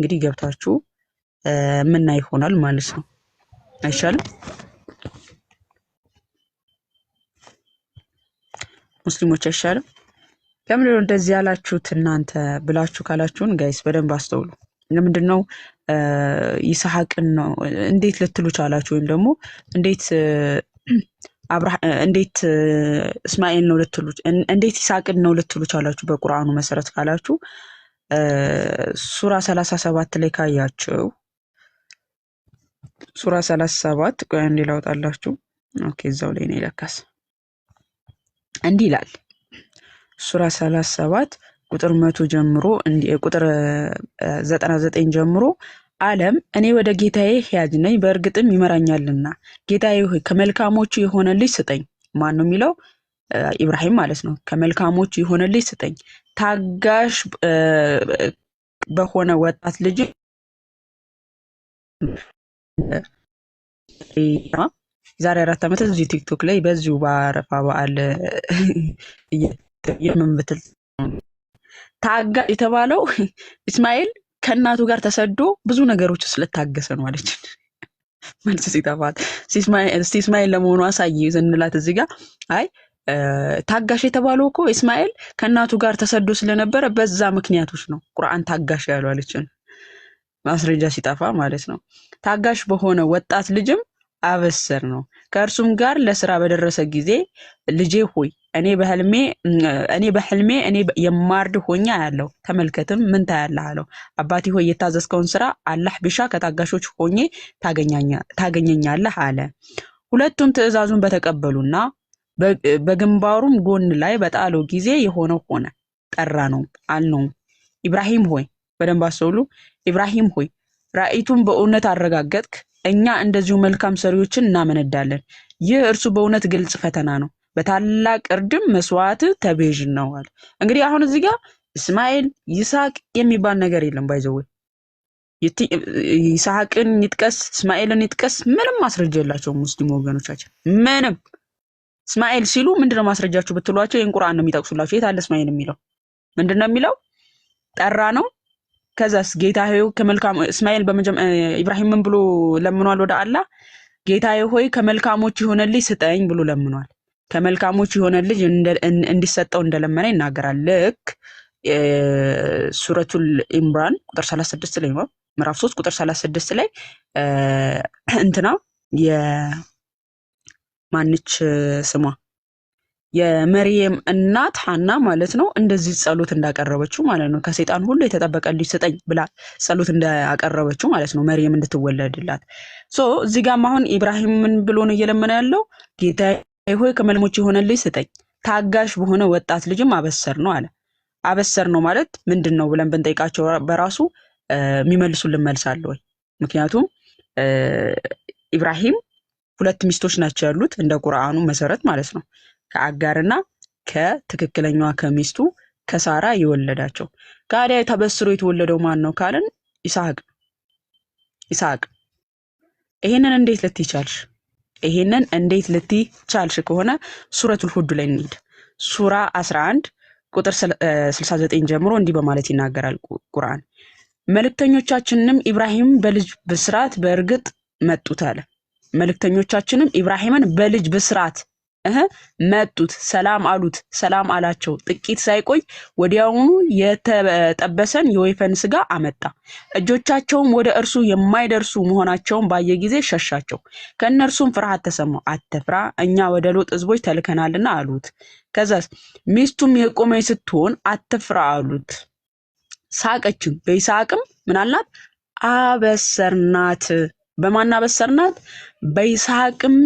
እንግዲህ ገብታችሁ ምና ይሆናል ማለት ነው። አይሻልም? ሙስሊሞች አይሻልም? ለምንድን ነው እንደዚህ ያላችሁት እናንተ ብላችሁ ካላችሁን፣ ጋይስ በደንብ አስተውሉ። ለምንድን ነው ይስሐቅን ነው እንዴት ልትሉ ቻላችሁ? ወይም ደግሞ እንዴት እንዴት እስማኤል ነው ልትሉ እንዴት ይስሐቅን ነው ልትሉ ቻላችሁ? በቁርአኑ መሰረት ካላችሁ ሱራ 37 ላይ ካያቸው ሱራ 37 ቆይ አንዴ ላውጣላችሁ። ኦኬ እዛው ላይ ነው ለካስ። እንዲህ ይላል ሱራ 37 ቁጥር መቶ ጀምሮ ቁጥር 99 ጀምሮ አለም እኔ ወደ ጌታዬ ሕያጅ ነኝ በእርግጥም ይመራኛልና ጌታዬ ሆይ ከመልካሞቹ የሆነ ልጅ ስጠኝ። ማን ነው የሚለው? ኢብራሂም ማለት ነው። ከመልካሞቹ የሆነ ልጅ ስጠኝ፣ ታጋሽ በሆነ ወጣት ልጅ ዛሬ አራት ዓመት እዚሁ ቲክቶክ ላይ በዚሁ በአረፋ በዓል የምንብትል ብትል ታጋሽ የተባለው እስማኤል ከእናቱ ጋር ተሰዶ ብዙ ነገሮች ስለታገሰ ነው አለች። መልስ ሲጠፋት እስቲ እስማኤል ለመሆኑ አሳይ እንላት እዚህ ጋር አይ ታጋሽ የተባለው እኮ እስማኤል ከእናቱ ጋር ተሰዶ ስለነበረ በዛ ምክንያቶች ነው ቁርአን ታጋሽ ያለው ማስረጃ ሲጠፋ ማለት ነው። ታጋሽ በሆነ ወጣት ልጅም አበሰር ነው። ከእርሱም ጋር ለስራ በደረሰ ጊዜ ልጄ ሆይ እኔ በህልሜ እኔ በህልሜ እኔ የማርድ ሆኛ ያለው ተመልከትም ምን ታያለህ አለው። አባቴ ሆይ የታዘዝከውን ስራ አላህ ቢሻ ከታጋሾች ሆኜ ታገኘኛለህ አለ። ሁለቱም ትዕዛዙን በተቀበሉና በግንባሩም ጎን ላይ በጣለው ጊዜ የሆነ ሆነ፣ ጠራ ነው አልነውም። ኢብራሂም ሆይ በደንብ አስተውሉ። ኢብራሂም ሆይ ራእይቱን በእውነት አረጋገጥክ፣ እኛ እንደዚሁ መልካም ሰሪዎችን እናመነዳለን። ይህ እርሱ በእውነት ግልጽ ፈተና ነው። በታላቅ እርድም መስዋዕት ተቤዥ ነው አለ። እንግዲህ አሁን እዚህ ጋር እስማኤል ይስሐቅ የሚባል ነገር የለም። ባይዘወ ይስሐቅን ይጥቀስ እስማኤልን ይጥቀስ ምንም ማስረጃ የላቸውም ሙስሊም ወገኖቻችን ምንም እስማኤል ሲሉ ምንድነው ማስረጃችሁ ብትሏቸው ይህን ቁርአን ነው የሚጠቅሱላቸው። የት አለ እስማኤል የሚለው ምንድነው የሚለው? ጠራ ነው። ከዛስ ጌታ ሆይ ከመልካም እስማኤል ኢብራሂም ኢብራሂምን ብሎ ለምኗል? ወደ አላ ጌታ ሆይ ከመልካሞች የሆነ ስጠኝ ብሎ ለምኗል። ከመልካሞች የሆነ ልጅ እንዲሰጠው እንደለመነ ይናገራል። ልክ ሱረቱል ኢምራን ቁጥር 36 ላይ ነው ምዕራፍ 3 ቁጥር 36 ላይ እንትና ማንች ስሟ የመርየም እናት ሀና ማለት ነው እንደዚህ ጸሎት እንዳቀረበችው ማለት ነው። ከሴጣን ሁሉ የተጠበቀ ልጅ ስጠኝ ብላ ጸሎት እንዳቀረበችው ማለት ነው። መርየም እንድትወለድላት ሶ እዚህ ጋም አሁን ኢብራሂም ብሎ ነው እየለመነ ያለው? ጌታ ሆይ ከመልሞች የሆነ ልጅ ስጠኝ፣ ታጋሽ በሆነ ወጣት ልጅም አበሰር ነው አለ። አበሰር ነው ማለት ምንድን ነው ብለን ብንጠይቃቸው በራሱ የሚመልሱልን መልስ ወይ? ምክንያቱም ኢብራሂም ሁለት ሚስቶች ናቸው ያሉት እንደ ቁርአኑ መሰረት ማለት ነው። ከአጋርና ከትክክለኛዋ ከሚስቱ ከሳራ የወለዳቸው። ጋዲያ ተበስሮ የተወለደው ማን ነው ካልን ይስሐቅ ይስሐቅ። ይሄንን እንዴት ልትይ ቻልሽ? ይሄንን እንዴት ልትይ ቻልሽ ከሆነ ሱረቱል ሁድ ላይ እንሂድ። ሱራ 11 ቁጥር 69 ጀምሮ እንዲህ በማለት ይናገራል ቁርአን መልእክተኞቻችንንም ኢብራሂም በልጅ ብስራት በእርግጥ መጡት አለ። መልእክተኞቻችንም ኢብራሂምን በልጅ ብስራት እህ መጡት፣ ሰላም አሉት፣ ሰላም አላቸው። ጥቂት ሳይቆይ ወዲያውኑ የተጠበሰን የወይፈን ስጋ አመጣ። እጆቻቸውም ወደ እርሱ የማይደርሱ መሆናቸውን ባየ ጊዜ ሸሻቸው። ከእነርሱም ፍርሃት ተሰማው። አትፍራ፣ እኛ ወደ ሎጥ ህዝቦች ተልከናልና አሉት። ከዛስ ሚስቱም የቆመች ስትሆን አትፍራ አሉት። ሳቀችም፣ በይስሐቅም ምናልናት አበሰርናት በማን አበሰርናት? በይስሐቅም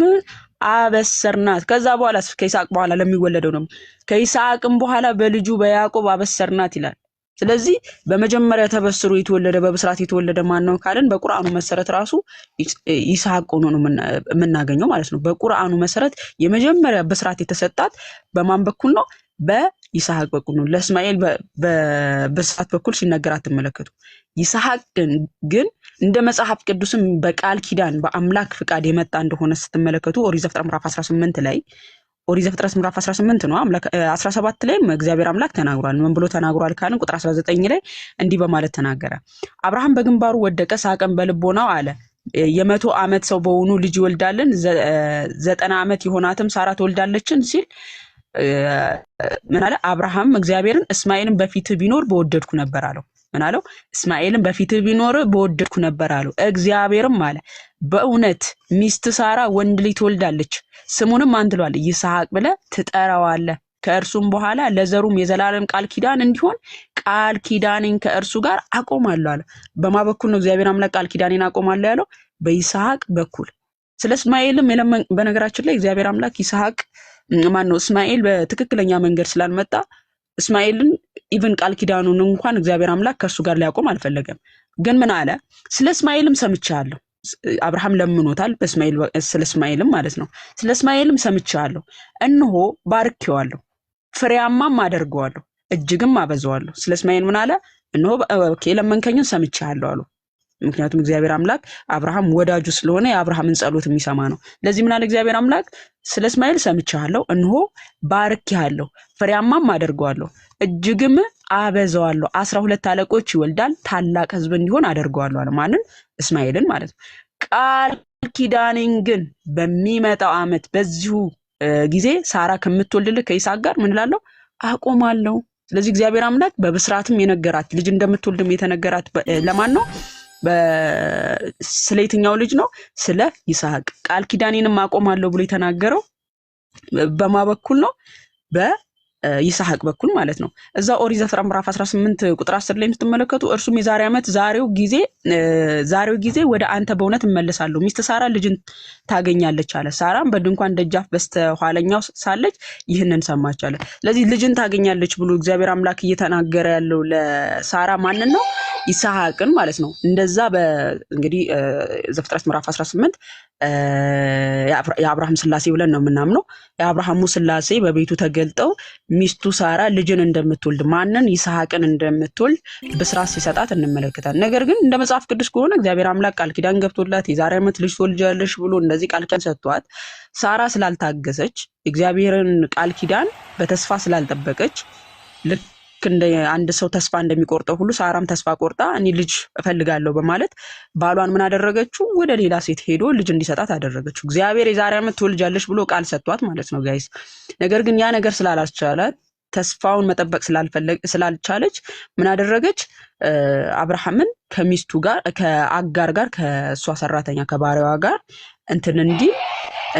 አበሰርናት። ከዛ በኋላ ከይስሐቅ በኋላ ለሚወለደው ነው። ከይስሐቅም በኋላ በልጁ በያዕቆብ አበሰርናት ይላል። ስለዚህ በመጀመሪያ ተበስሮ የተወለደ በብስራት የተወለደ ማን ነው ካለን በቁርአኑ መሰረት ራሱ ይስሐቅ ሆኖ ነው የምናገኘው ማለት ነው። በቁርአኑ መሰረት የመጀመሪያ ብስራት የተሰጣት በማን በኩል ነው? በይስሐቅ በኩል ነው። ለእስማኤል በብስራት በኩል ሲነገር አትመለከቱ። ይስሐቅ ግን እንደ መጽሐፍ ቅዱስም በቃል ኪዳን በአምላክ ፍቃድ የመጣ እንደሆነ ስትመለከቱ ኦሪት ዘፍጥረት ምዕራፍ 18 ላይ ኦሪት ዘፍጥረት ምዕራፍ 18 ነው። 17 ላይም እግዚአብሔር አምላክ ተናግሯል። ምን ብሎ ተናግሯል ካልን ቁጥር 19 ላይ እንዲህ በማለት ተናገረ። አብርሃም በግንባሩ ወደቀ፣ ሳቀን በልቦናው አለ የመቶ ዓመት ሰው በሆኑ ልጅ ይወልዳልን? ዘጠና ዓመት የሆናትም ሳራ ትወልዳለችን ሲል ምን አለ አብርሃም እግዚአብሔርን፣ እስማኤልን በፊት ቢኖር በወደድኩ ነበር አለው። ምን አለው? እስማኤልን በፊት ቢኖር በወደድኩ ነበር አለው። እግዚአብሔርም አለ በእውነት ሚስት ሳራ ወንድ ልጅ ትወልዳለች፣ ስሙንም ማን ትለዋለህ? ይስሐቅ ብለህ ትጠራዋለህ። ከእርሱም በኋላ ለዘሩም የዘላለም ቃል ኪዳን እንዲሆን ቃል ኪዳኔን ከእርሱ ጋር አቆማለሁ አለ። በማ በኩል ነው እግዚአብሔር አምላክ ቃል ኪዳኔን አቆማለሁ ያለው? በይስሐቅ በኩል። ስለ እስማኤልም በነገራችን ላይ እግዚአብሔር አምላክ ይስሐቅ ማን ነው እስማኤል በትክክለኛ መንገድ ስላልመጣ እስማኤልን ኢቨን ቃል ኪዳኑን እንኳን እግዚአብሔር አምላክ ከእሱ ጋር ሊያቆም አልፈለገም። ግን ምን አለ? ስለ እስማኤልም ሰምቻለሁ። አብርሃም ለምኖታል፣ ስለ እስማኤልም ማለት ነው። ስለ እስማኤልም ሰምቻለሁ፣ እነሆ ባርኬዋለሁ፣ ፍሬያማም አደርገዋለሁ፣ እጅግም አበዛዋለሁ። ስለ እስማኤል ምን አለ? እነሆ የለመንከኝን ሰምቻለሁ አሉ። ምክንያቱም እግዚአብሔር አምላክ አብርሃም ወዳጁ ስለሆነ የአብርሃምን ጸሎት የሚሰማ ነው። ለዚህ ምን እግዚአብሔር አምላክ? ስለ እስማኤል ሰምቻለሁ፣ እንሆ ባርኬሃለሁ፣ ፍሬያማም አደርገዋለሁ፣ እጅግም አበዛዋለሁ፣ አስራ ሁለት አለቆች ይወልዳል፣ ታላቅ ህዝብ እንዲሆን አደርገዋለሁ አለ። ማንን? እስማኤልን ማለት ነው። ቃል ኪዳኔን ግን በሚመጣው ዓመት በዚሁ ጊዜ ሳራ ከምትወልድልህ ከይስሐቅ ጋር ምን እላለሁ አቆማለሁ። ስለዚህ እግዚአብሔር አምላክ በብስራትም የነገራት ልጅ እንደምትወልድም የተነገራት ለማን ነው? ስለ የትኛው ልጅ ነው? ስለ ይስሐቅ። ቃል ኪዳኔንም አቆማለሁ ብሎ የተናገረው በማ በኩል ነው? በይስሐቅ በኩል ማለት ነው። እዛ ኦሪት ዘፍጥረት ምዕራፍ 18 ቁጥር 10 ላይ የምትመለከቱ እርሱም የዛሬ ዓመት ዛሬው ጊዜ ዛሬው ጊዜ ወደ አንተ በእውነት እመለሳለሁ ሚስት ሳራ ልጅን ታገኛለች አለ። ሳራም በድንኳን ደጃፍ በስተኋለኛው ሳለች ይህንን ሰማች አለ። ስለዚህ ልጅን ታገኛለች ብሎ እግዚአብሔር አምላክ እየተናገረ ያለው ለሳራ ማንን ነው? ይስሐቅን ማለት ነው። እንደዛ እንግዲህ ዘፍጥረት ምዕራፍ 18 የአብርሃም ስላሴ ብለን ነው የምናምነው። የአብርሃሙ ስላሴ በቤቱ ተገልጠው ሚስቱ ሳራ ልጅን እንደምትወልድ ማንን? ይስሐቅን እንደምትወልድ ብስራት ሲሰጣት እንመለከታል። ነገር ግን እንደ መጽሐፍ ቅዱስ ከሆነ እግዚአብሔር አምላክ ቃል ኪዳን ገብቶላት የዛሬ ዓመት ልጅ ትወልጃለሽ ብሎ እንደዚህ ቃል ኪዳን ሰጥቷት ሳራ ስላልታገሰች፣ እግዚአብሔርን ቃል ኪዳን በተስፋ ስላልጠበቀች ልክ እንደ አንድ ሰው ተስፋ እንደሚቆርጠው ሁሉ ሳራም ተስፋ ቆርጣ እኔ ልጅ እፈልጋለሁ በማለት ባሏን ምን አደረገችው? ወደ ሌላ ሴት ሄዶ ልጅ እንዲሰጣት አደረገችው። እግዚአብሔር የዛሬ ዓመት ትወልጃለች ብሎ ቃል ሰጥቷት ማለት ነው ጋይስ። ነገር ግን ያ ነገር ስላላስቻለ ተስፋውን መጠበቅ ስላልቻለች ምን አደረገች? አብርሃምን ከሚስቱ ጋር ከአጋር ጋር ከእሷ ሰራተኛ ከባሪዋ ጋር እንትን እንዲህ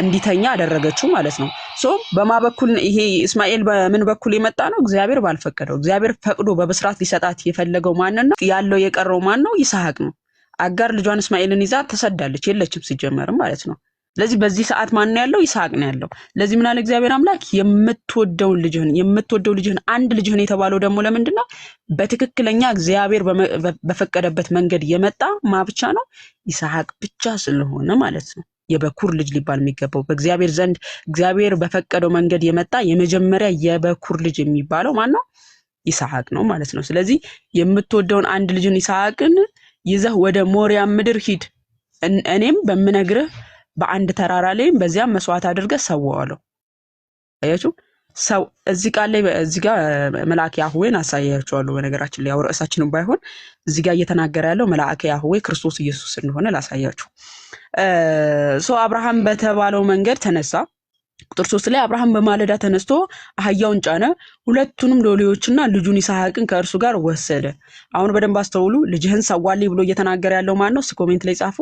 እንዲተኛ አደረገችው ማለት ነው። ሶ በማ በኩል ይሄ እስማኤል በምን በኩል የመጣ ነው? እግዚአብሔር ባልፈቀደው። እግዚአብሔር ፈቅዶ በብስራት ሊሰጣት የፈለገው ማን ነው? ያለው የቀረው ማን ነው? ይስሐቅ ነው። አጋር ልጇን እስማኤልን ይዛ ተሰዳለች፣ የለችም ሲጀመርም ማለት ነው። ስለዚህ በዚህ ሰዓት ማን ነው ያለው? ይስሐቅ ነው ያለው። ለዚህ ምናለ እግዚአብሔር አምላክ የምትወደውን ልጅህን የምትወደው ልጅህን አንድ ልጅህን የተባለው ደግሞ ለምንድን ነው? በትክክለኛ እግዚአብሔር በፈቀደበት መንገድ የመጣ ማ ብቻ ነው? ይስሐቅ ብቻ ስለሆነ ማለት ነው። የበኩር ልጅ ሊባል የሚገባው በእግዚአብሔር ዘንድ እግዚአብሔር በፈቀደው መንገድ የመጣ የመጀመሪያ የበኩር ልጅ የሚባለው ማን ነው? ይስሐቅ ነው ማለት ነው። ስለዚህ የምትወደውን አንድ ልጅን ይስሐቅን ይዘህ ወደ ሞሪያ ምድር ሂድ፣ እኔም በምነግርህ በአንድ ተራራ ላይም በዚያም መስዋዕት አድርገህ ሰዋዋለሁ። አያችሁ ሰው እዚህ ቃል ላይ እዚህ ጋ መልአክ ያህዌን አሳያቸዋለሁ። በነገራችን ላይ ያው ርዕሳችንም ባይሆን እዚህ ጋ እየተናገረ ያለው መልአክ ያህዌ ክርስቶስ ኢየሱስ እንደሆነ ላሳያችሁ። ሶ አብርሃም በተባለው መንገድ ተነሳ። ቁጥር ሶስት ላይ አብርሃም በማለዳ ተነስቶ አህያውን ጫነ፣ ሁለቱንም ሎሌዎችና ልጁን ይስሐቅን ከእርሱ ጋር ወሰደ። አሁን በደንብ አስተውሉ። ልጅህን ሰዋልኝ ብሎ እየተናገረ ያለው ማን ነው? እስኪ ኮሜንት ላይ ጻፉ።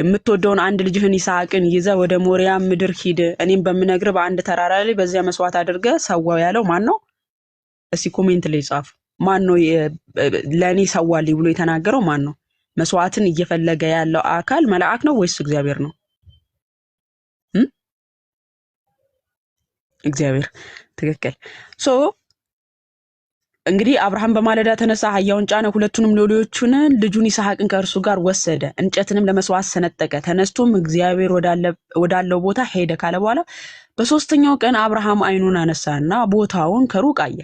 የምትወደውን አንድ ልጅህን ይስሐቅን ይዘ ወደ ሞሪያ ምድር ሂድ፣ እኔም በምነግር በአንድ ተራራ ላይ በዚያ መስዋዕት አድርገ ሰዋው ያለው ማን ነው? እስቲ ኮሜንት ላይ ጻፉ። ማን ነው ለእኔ ሰዋልኝ ብሎ የተናገረው ማን ነው? መስዋዕትን እየፈለገ ያለው አካል መልአክ ነው ወይስ እግዚአብሔር ነው? እግዚአብሔር ትክክል ሶ እንግዲህ አብርሃም በማለዳ ተነሳ፣ አህያውን ጫነ፣ ሁለቱንም ሎሌዎቹን ልጁን ይስሐቅን ከእርሱ ጋር ወሰደ፣ እንጨትንም ለመስዋዕት ሰነጠቀ። ተነስቶም እግዚአብሔር ወዳለው ቦታ ሄደ ካለ በኋላ በሶስተኛው ቀን አብርሃም አይኑን አነሳና ቦታውን ከሩቅ አየ።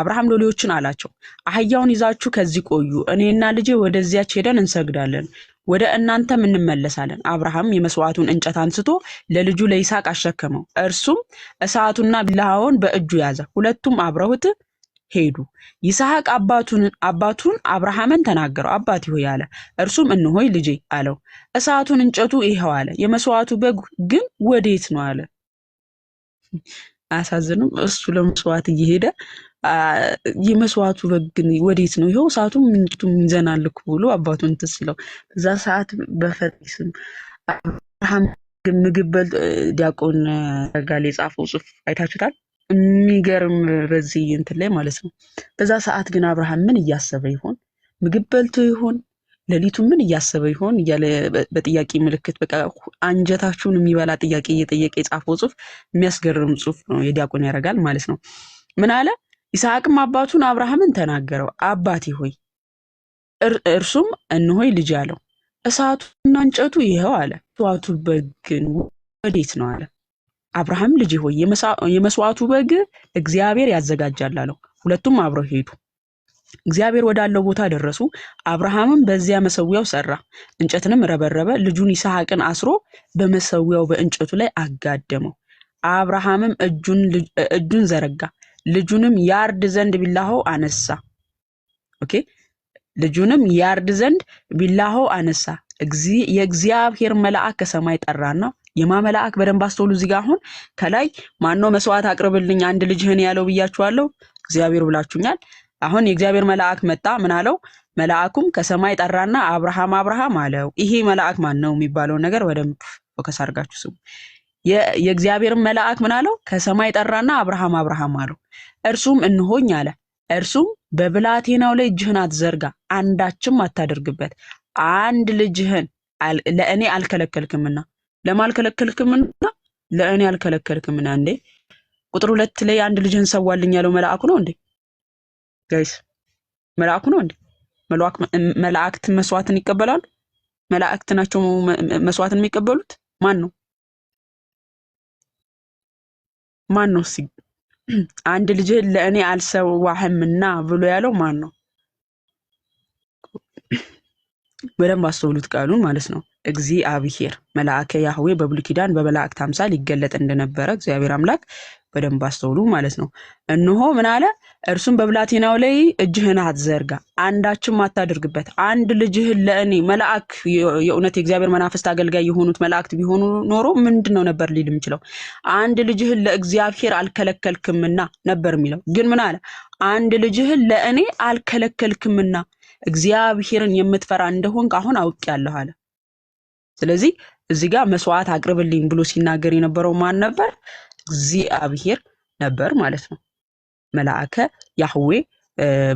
አብርሃም ሎሌዎችን አላቸው፣ አህያውን ይዛችሁ ከዚህ ቆዩ፣ እኔና ልጄ ወደዚያች ሄደን እንሰግዳለን ወደ እናንተም እንመለሳለን። አብርሃም የመስዋዕቱን እንጨት አንስቶ ለልጁ ለይስሐቅ አሸከመው። እርሱም እሳቱና ቢላሃውን በእጁ ያዘ። ሁለቱም አብረውት ሄዱ። ይስሐቅ አባቱን አብርሃምን ተናገረው፣ አባት ሆይ አለ። እርሱም እንሆይ ልጄ አለው። እሳቱን እንጨቱ ይኸው አለ፣ የመስዋዕቱ በግ ግን ወዴት ነው አለ። አያሳዝንም? እሱ ለመስዋዕት እየሄደ የመስዋዕቱ በግ ግን ወዴት ነው? ይኸው እሳቱም እንጨቱም ይዘናል እኮ ብሎ አባቱን ትስለው እዛ ሰዓት በፈጣሪ አብርሃም ምግብ በል ዲያቆን ጋል የጻፈው ጽሑፍ አይታችሁታል። የሚገርም በዚህ እንትን ላይ ማለት ነው። በዛ ሰዓት ግን አብርሃም ምን እያሰበ ይሆን? ምግብ በልቶ ይሆን? ሌሊቱ ምን እያሰበ ይሆን እያለ በጥያቄ ምልክት በቃ አንጀታችሁን የሚበላ ጥያቄ እየጠየቀ የጻፈው ጽሁፍ የሚያስገርም ጽሁፍ ነው። የዲያቆን ያደርጋል ማለት ነው። ምን አለ? ይስሐቅም አባቱን አብርሃምን ተናገረው፣ አባቴ ሆይ እርሱም እንሆይ ልጅ አለው። እሳቱና እንጨቱ ይኸው አለ፣ ትዋቱ በግን ወዴት ነው አለ አብርሃም ልጅ ሆይ የመስዋዕቱ በግ እግዚአብሔር ያዘጋጃል አለው። ሁለቱም አብረው ሄዱ። እግዚአብሔር ወዳለው ቦታ ደረሱ። አብርሃምም በዚያ መሰዊያው ሰራ፣ እንጨትንም ረበረበ፣ ልጁን ይስሐቅን አስሮ በመሰዊያው በእንጨቱ ላይ አጋደመው። አብርሃምም እጁን ዘረጋ፣ ልጁንም ያርድ ዘንድ ቢላሆ አነሳ። ኦኬ ልጁንም ያርድ ዘንድ ቢላሆ አነሳ። የእግዚአብሔር መልአክ ከሰማይ ጠራና የማመላአክ በደንብ አስተውሉ። እዚህ ጋር አሁን ከላይ ማነው መስዋዕት አቅርብልኝ አንድ ልጅህን ያለው ብያችኋለሁ። እግዚአብሔር ብላችሁኛል። አሁን የእግዚአብሔር መልአክ መጣ። ምን አለው? መልአኩም ከሰማይ ጠራና አብርሃም አብርሃም አለው። ይሄ መልአክ ማን ነው የሚባለውን ነገር በደንብ ፎከስ አድርጋችሁ ስሙ። የእግዚአብሔርን መልአክ ምን አለው? ከሰማይ ጠራና አብርሃም አብርሃም አለው። እርሱም እንሆኝ አለ። እርሱም በብላቴናው ላይ እጅህን አትዘርጋ፣ አንዳችም አታደርግበት። አንድ ልጅህን ለእኔ አልከለከልክምና ለማልከለከልክምና ለእኔ አልከለከልክምና እንዴ ቁጥር ሁለት ላይ አንድ ልጅን ሰዋልኝ ያለው መልአኩ ነው እንዴ ጋይስ መልአኩ ነው እንዴ መላእክት መስዋዕትን ይቀበላሉ መላእክት ናቸው መስዋዕትን የሚቀበሉት ማን ነው ማን ነው እስኪ አንድ ልጅህን ለእኔ አልሰዋህምና ብሎ ያለው ማን ነው በደንብ አስተውሉት ቃሉን ማለት ነው እግዚአብሔር መልአከ ያህዌ በብሉይ ኪዳን በመላእክት አምሳል ይገለጥ እንደነበረ እግዚአብሔር አምላክ በደንብ አስተውሉ ማለት ነው። እነሆ ምን አለ? እርሱም በብላቴናው ላይ እጅህን አትዘርጋ፣ አንዳችም አታድርግበት። አንድ ልጅህን ለእኔ መልአክ፣ የእውነት የእግዚአብሔር መናፍስት አገልጋይ የሆኑት መላእክት ቢሆኑ ኖሮ ምንድን ነው ነበር ሊል የምችለው? አንድ ልጅህን ለእግዚአብሔር አልከለከልክምና ነበር የሚለው። ግን ምን አለ? አንድ ልጅህን ለእኔ አልከለከልክምና እግዚአብሔርን የምትፈራ እንደሆንክ አሁን አውቄያለሁ አለ። ስለዚህ እዚህ ጋር መስዋዕት አቅርብልኝ ብሎ ሲናገር የነበረው ማን ነበር? እግዚአብሔር ነበር ማለት ነው። መላአከ ያህዌ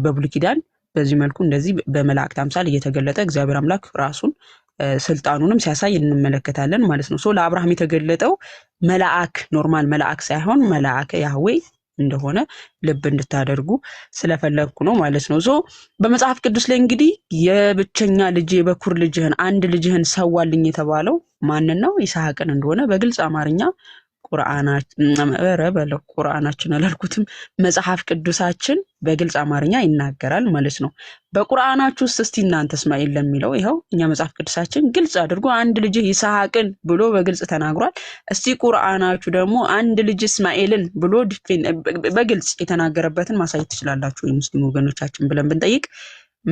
በብሉይ ኪዳን በዚህ መልኩ እንደዚህ በመላእክት አምሳል እየተገለጠ እግዚአብሔር አምላክ ራሱን ስልጣኑንም ሲያሳይ እንመለከታለን ማለት ነው። ለአብርሃም የተገለጠው መልአክ ኖርማል መልአክ ሳይሆን መልአከ ያህዌ እንደሆነ ልብ እንድታደርጉ ስለፈለግኩ ነው ማለት ነው። ሶ በመጽሐፍ ቅዱስ ላይ እንግዲህ የብቸኛ ልጅ የበኩር ልጅህን አንድ ልጅህን ሰዋልኝ የተባለው ማንን ነው? ይስሐቅን እንደሆነ በግልጽ አማርኛ ቁርአናችን ቁርአናችን አላልኩትም፣ መጽሐፍ ቅዱሳችን በግልጽ አማርኛ ይናገራል ማለት ነው። በቁርአናችሁ ውስጥ እስቲ እናንተ እስማኤል ለሚለው ይኸው እኛ መጽሐፍ ቅዱሳችን ግልጽ አድርጎ አንድ ልጅ ይስሐቅን ብሎ በግልጽ ተናግሯል። እስቲ ቁርአናችሁ ደግሞ አንድ ልጅ እስማኤልን ብሎ በግልጽ የተናገረበትን ማሳየት ትችላላችሁ የሙስሊም ወገኖቻችን ብለን ብንጠይቅ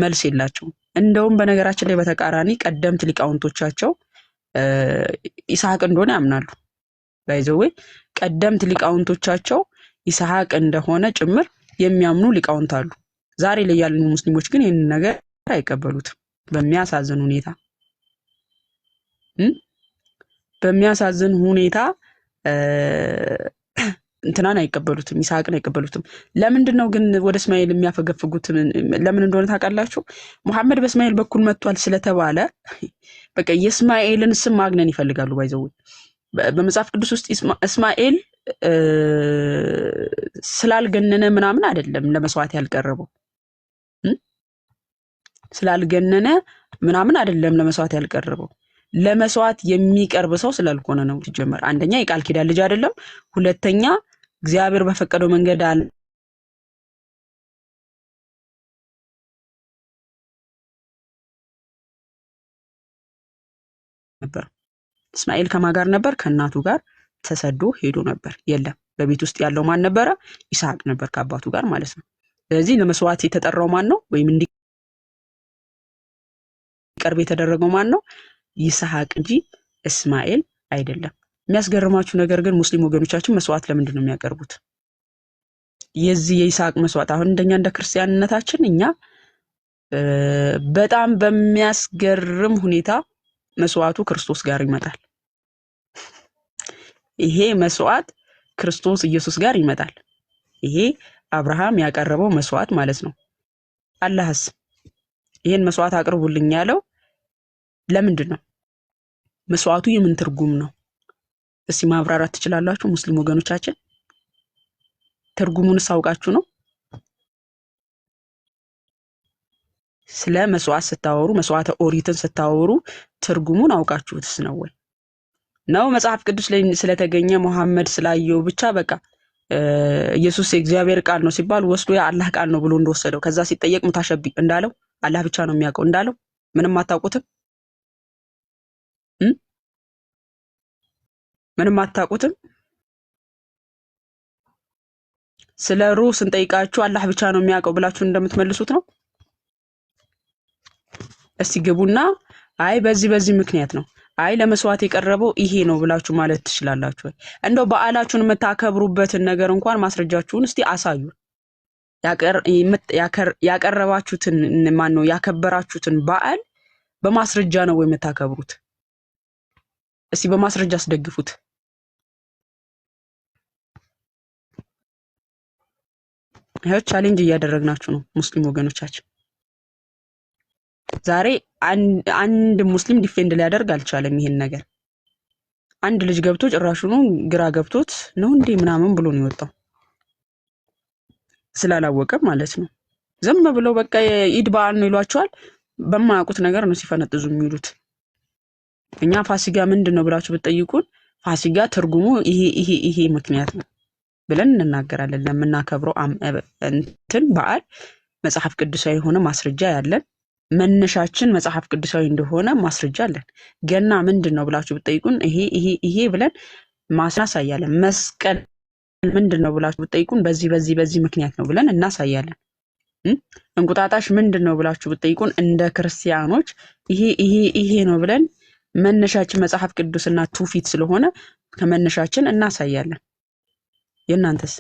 መልስ የላቸው። እንደውም በነገራችን ላይ በተቃራኒ ቀደምት ሊቃውንቶቻቸው ይስሐቅ እንደሆነ ያምናሉ። ባይዘዌ ቀደምት ሊቃውንቶቻቸው ይስሐቅ እንደሆነ ጭምር የሚያምኑ ሊቃውንት አሉ። ዛሬ ላይ ያሉ ሙስሊሞች ግን ይህንን ነገር አይቀበሉትም። በሚያሳዝን ሁኔታ በሚያሳዝን ሁኔታ እንትናን አይቀበሉትም፣ ይስሐቅን አይቀበሉትም። ለምንድን ነው ግን ወደ እስማኤል የሚያፈገፍጉት? ለምን እንደሆነ ታውቃላችሁ? ሙሐመድ በእስማኤል በኩል መጥቷል ስለተባለ በቃ የእስማኤልን ስም ማግነን ይፈልጋሉ ባይዘው በመጽሐፍ ቅዱስ ውስጥ እስማኤል ስላልገነነ ምናምን አይደለም ለመስዋዕት ያልቀረበው ስላልገነነ ምናምን አይደለም ለመስዋዕት ያልቀረበው ለመስዋዕት የሚቀርብ ሰው ስላልሆነ ነው። ሲጀመር አንደኛ የቃል ኪዳን ልጅ አይደለም፣ ሁለተኛ እግዚአብሔር በፈቀደው መንገድ አለ ነበር። እስማኤል ከማ ጋር ነበር? ከእናቱ ጋር ተሰዶ ሄዶ ነበር። የለም በቤት ውስጥ ያለው ማን ነበረ? ይስሐቅ ነበር ከአባቱ ጋር ማለት ነው። ስለዚህ ለመስዋዕት የተጠራው ማን ነው? ወይም እንዲቀርብ የተደረገው ማን ነው? ይስሐቅ እንጂ እስማኤል አይደለም። የሚያስገርማችሁ ነገር ግን ሙስሊም ወገኖቻችን መስዋዕት ለምንድን ነው የሚያቀርቡት? የዚህ የይስሐቅ መስዋዕት አሁን እንደኛ እንደ ክርስቲያንነታችን እኛ በጣም በሚያስገርም ሁኔታ መስዋዕቱ ክርስቶስ ጋር ይመጣል። ይሄ መስዋዕት ክርስቶስ ኢየሱስ ጋር ይመጣል። ይሄ አብርሃም ያቀረበው መስዋዕት ማለት ነው። አላህስ ይህን መስዋዕት አቅርቡልኝ ያለው ለምንድን ነው? መስዋዕቱ የምን ትርጉም ነው? እስቲ ማብራራት ትችላላችሁ ሙስሊም ወገኖቻችን? ትርጉሙንስ አውቃችሁ ነው? ስለ መስዋዕት ስታወሩ መስዋዕተ ኦሪትን ስታወሩ ትርጉሙን አውቃችሁትስ ነው ወይ? ነው መጽሐፍ ቅዱስ ላይ ስለተገኘ መሐመድ ስላየው ብቻ በቃ ኢየሱስ የእግዚአብሔር ቃል ነው ሲባል ወስዶ የአላህ ቃል ነው ብሎ እንደወሰደው ከዛ ሲጠየቅ ሙታሸቢ እንዳለው አላህ ብቻ ነው የሚያውቀው እንዳለው ምንም አታውቁትም ምንም አታውቁትም ስለ ሩህ ስንጠይቃችሁ አላህ ብቻ ነው የሚያውቀው ብላችሁ እንደምትመልሱት ነው እስቲ ግቡና አይ በዚህ በዚህ ምክንያት ነው አይ ለመስዋዕት የቀረበው ይሄ ነው ብላችሁ ማለት ትችላላችሁ። እንደው በዓላችሁን የምታከብሩበትን ነገር እንኳን ማስረጃችሁን እስቲ አሳዩ። ያቀረባችሁትን ማን ነው ያከበራችሁትን በዓል በማስረጃ ነው የምታከብሩት? እስቲ በማስረጃ አስደግፉት። ይኸው ቻሌንጅ እያደረግናችሁ ነው ሙስሊም ወገኖቻችን። ዛሬ አንድ ሙስሊም ዲፌንድ ሊያደርግ አልቻለም። ይሄን ነገር አንድ ልጅ ገብቶ ጭራሹኑ ግራ ገብቶት ነው እንዴ ምናምን ብሎ ነው የወጣው ስላላወቀ ማለት ነው። ዝም ብለው በቃ የኢድ በዓል ነው ይሏቸዋል። በማያውቁት ነገር ነው ሲፈነጥዙ የሚሉት። እኛ ፋሲጋ ምንድን ነው ብላችሁ ብትጠይቁን ፋሲጋ ትርጉሙ ይሄ ይሄ ይሄ ምክንያት ነው ብለን እንናገራለን። ለምናከብረው እንትን በዓል መጽሐፍ ቅዱሳዊ የሆነ ማስረጃ ያለን መነሻችን መጽሐፍ ቅዱሳዊ እንደሆነ ማስረጃ አለን። ገና ምንድን ነው ብላችሁ ብጠይቁን ይሄ ይሄ ይሄ ብለን ማስናሳያለን። መስቀል ምንድን ነው ብላችሁ ብጠይቁን በዚህ በዚህ በዚህ ምክንያት ነው ብለን እናሳያለን። እንቁጣጣሽ ምንድን ነው ብላችሁ ብጠይቁን እንደ ክርስቲያኖች ይሄ ይሄ ይሄ ነው ብለን መነሻችን መጽሐፍ ቅዱስና ትውፊት ስለሆነ ከመነሻችን እናሳያለን። የእናንተስ?